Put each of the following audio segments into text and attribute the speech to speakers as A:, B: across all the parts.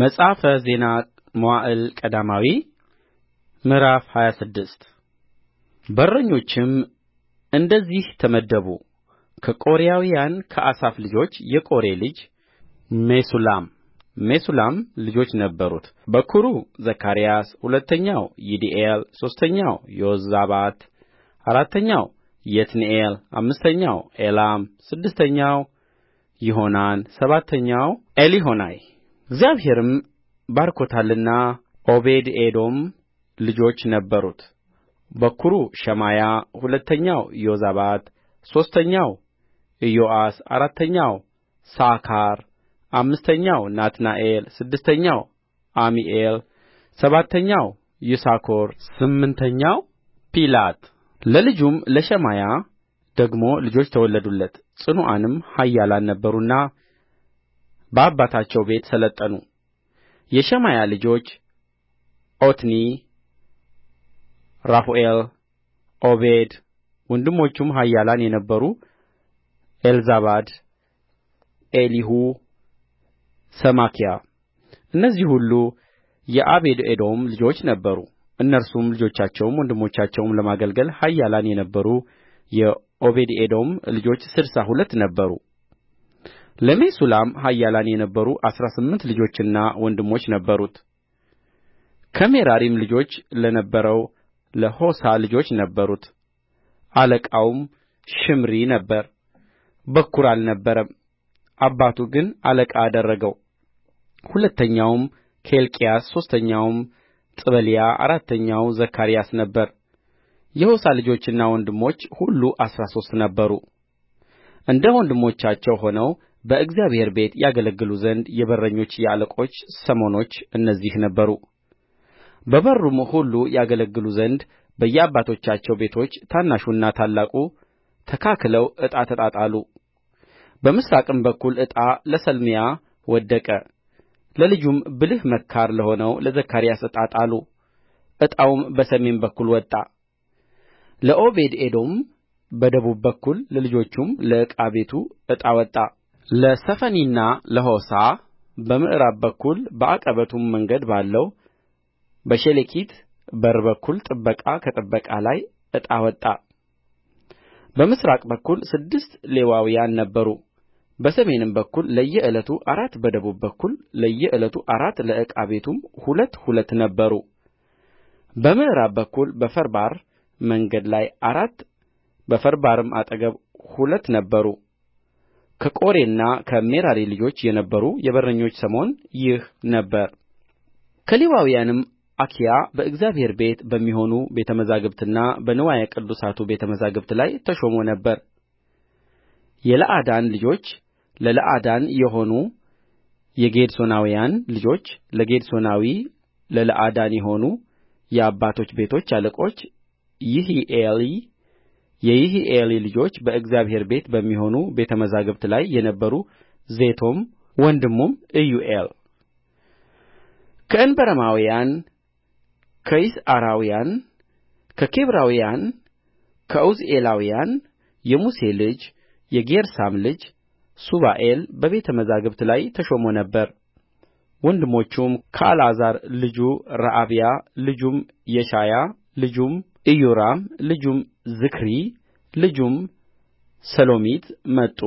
A: መጽሐፈ ዜና መዋዕል ቀዳማዊ ምዕራፍ ሃያ ስድስት በረኞችም እንደዚህ ተመደቡ። ከቆሬያውያን ከአሳፍ ልጆች የቆሬ ልጅ ሜሱላም ሜሱላም ልጆች ነበሩት። በኵሩ ዘካርያስ፣ ሁለተኛው ይዲኤል፣ ሦስተኛው ዮዛባት፣ አራተኛው የትኒኤል፣ አምስተኛው ኤላም፣ ስድስተኛው ይሆናን፣ ሰባተኛው ኤሊሆዔናይ እግዚአብሔርም ባርኮታልና ዖቤድኤዶም ልጆች ነበሩት በኵሩ ሸማያ ሁለተኛው ዮዛባት ሦስተኛው ኢዮአስ አራተኛው ሣካር አምስተኛው ናትናኤል ስድስተኛው ዓሚኤል ሰባተኛው ይሳኮር ስምንተኛው ፒላቲ ለልጁም ለሸማያ ደግሞ ልጆች ተወለዱለት ጽኑዓንም ኃያላን ነበሩና በአባታቸው ቤት ሠለጠኑ የሸማያ ልጆች ዖትኒ ራፋኤል ዖቤድ ወንድሞቹም ኃያላን የነበሩ ኤልዛባድ ኤሊሁ ሰማክያ እነዚህ ሁሉ የዖቤድኤዶም ልጆች ነበሩ እነርሱም ልጆቻቸውም ወንድሞቻቸውም ለማገልገል ኃያላን የነበሩ የዖቤድኤዶም ልጆች ስድሳ ሁለት ነበሩ ለሜሱላም ኃያላን የነበሩ አሥራ ስምንት ልጆችና ወንድሞች ነበሩት ከሜራሪም ልጆች ለነበረው ለሖሳ ልጆች ነበሩት አለቃውም ሽምሪ ነበረ በኵር አልነበረም አባቱ ግን አለቃ አደረገው ሁለተኛውም ኬልቅያስ ሦስተኛውም ጥበልያ አራተኛው ዘካርያስ ነበረ የሖሳ ልጆችና ወንድሞች ሁሉ አሥራ ሦስት ነበሩ እንደ ወንድሞቻቸው ሆነው በእግዚአብሔር ቤት ያገለግሉ ዘንድ የበረኞች የአለቆች ሰሞነኞች እነዚህ ነበሩ በበሩም ሁሉ ያገለግሉ ዘንድ በየአባቶቻቸው ቤቶች ታናሹና ታላቁ ተካክለው ዕጣ ተጣጣሉ በምሥራቅም በኩል ዕጣ ለሰሌምያ ወደቀ ለልጁም ብልህ መካር ለሆነው ለዘካርያስ ዕጣ ጣሉ ዕጣውም በሰሜን በኩል ወጣ ለዖቤድኤዶም በደቡብ በኩል ለልጆቹም ለዕቃ ቤቱ ዕጣ ወጣ ለሰፊንና ለሖሳ በምዕራብ በኩል በዐቀበቱም መንገድ ባለው በሸሌኬት በር በኩል ጥበቃ ከጥበቃ ላይ ዕጣ ወጣ በምሥራቅ በኩል ስድስት ሌዋውያን ነበሩ በሰሜን በኩል ለየዕለቱ አራት በደቡብ በኩል ለየዕለቱ አራት ለዕቃ ቤቱም ሁለት ሁለት ነበሩ በምዕራብ በኩል በፈርባር መንገድ ላይ አራት በፈርባርም አጠገብ ሁለት ነበሩ ከቆሬና ከሜራሪ ልጆች የነበሩ የበረኞች ሰሞን ይህ ነበረ ከሌዋውያንም አኪያ በእግዚአብሔር ቤት በሚሆኑ ቤተ መዛግብትና በንዋየ ቅድሳቱ ቤተ መዛግብት ላይ ተሾሞ ነበር የለአዳን ልጆች ለለአዳን የሆኑ የጌድሶናውያን ልጆች ለጌድሶናዊ ለለአዳን የሆኑ የአባቶች ቤቶች አለቆች ይሒኤሊ የይሒኤሊ ልጆች በእግዚአብሔር ቤት በሚሆኑ ቤተ መዛግብት ላይ የነበሩ ዜቶም ወንድሙም ኢዩኤል ከእንበረማውያን ከይስዓራውያን ከኬብሮናውያን ከዑዝኤላውያን የሙሴ ልጅ የጌርሳም ልጅ ሱባኤል በቤተ መዛግብት ላይ ተሾሞ ነበር። ወንድሞቹም ከአልዓዛር ልጁ ረዓብያ ልጁም የሻያ ልጁም ኢዮራም ልጁም ዝክሪ ልጁም ሰሎሚት መጡ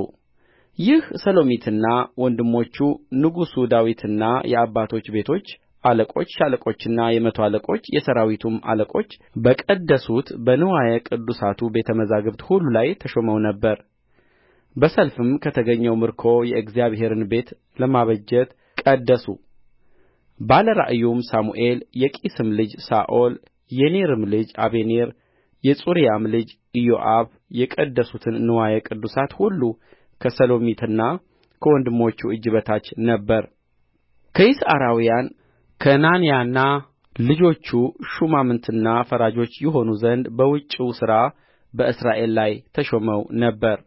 A: ይህ ሰሎሚትና ወንድሞቹ ንጉሡ ዳዊትና የአባቶች ቤቶች አለቆች ሻለቆችና የመቶ አለቆች የሠራዊቱም አለቆች በቀደሱት በንዋየ ቅድሳቱ ቤተ መዛግብት ሁሉ ላይ ተሾመው ነበር በሰልፍም ከተገኘው ምርኮ የእግዚአብሔርን ቤት ለማበጀት ቀደሱ ባለ ራእዩም ሳሙኤል የቂስም ልጅ ሳኦል የኔርም ልጅ አበኔር የጽሩያም ልጅ ኢዮአብ የቀደሱትን ንዋየ ቅድሳት ሁሉ ከሰሎሚትና ከወንድሞቹ እጅ በታች ነበረ ከይስዓራውያን ከናንያና ልጆቹ ሹማምትና ፈራጆች ይሆኑ ዘንድ በውጭው ሥራ በእስራኤል ላይ ተሾመው ነበር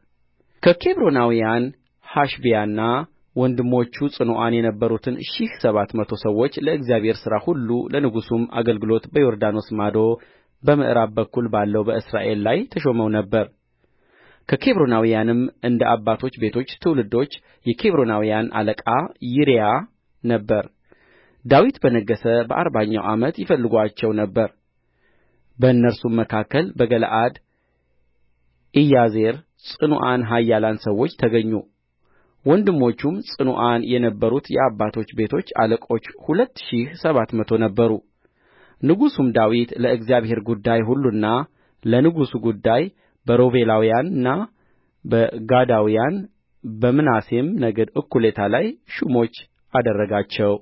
A: ከኬብሮናውያን ሐሸቢያና ወንድሞቹ ጽኑዓን የነበሩትን ሺህ ሰባት መቶ ሰዎች ለእግዚአብሔር ሥራ ሁሉ ለንጉሡም አገልግሎት በዮርዳኖስ ማዶ በምዕራብ በኩል ባለው በእስራኤል ላይ ተሾመው ነበር ከኬብሮናውያንም እንደ አባቶች ቤቶች ትውልዶች የኬብሮናውያን አለቃ ይርያ ነበረ ዳዊት በነገሠ በአርባኛው ዓመት ይፈልጉአቸው ነበር በእነርሱም መካከል በገለዓድ ኢያዜር ጽኑዓን ኃያላን ሰዎች ተገኙ ወንድሞቹም ጽኑዓን የነበሩት የአባቶች ቤቶች አለቆች ሁለት ሺህ ሰባት መቶ ነበሩ ንጉሡም ዳዊት ለእግዚአብሔር ጉዳይ ሁሉና ለንጉሡ ጉዳይ በሮቤላውያንና በጋዳውያን በምናሴም ነገድ እኩሌታ ላይ ሹሞች አደረጋቸው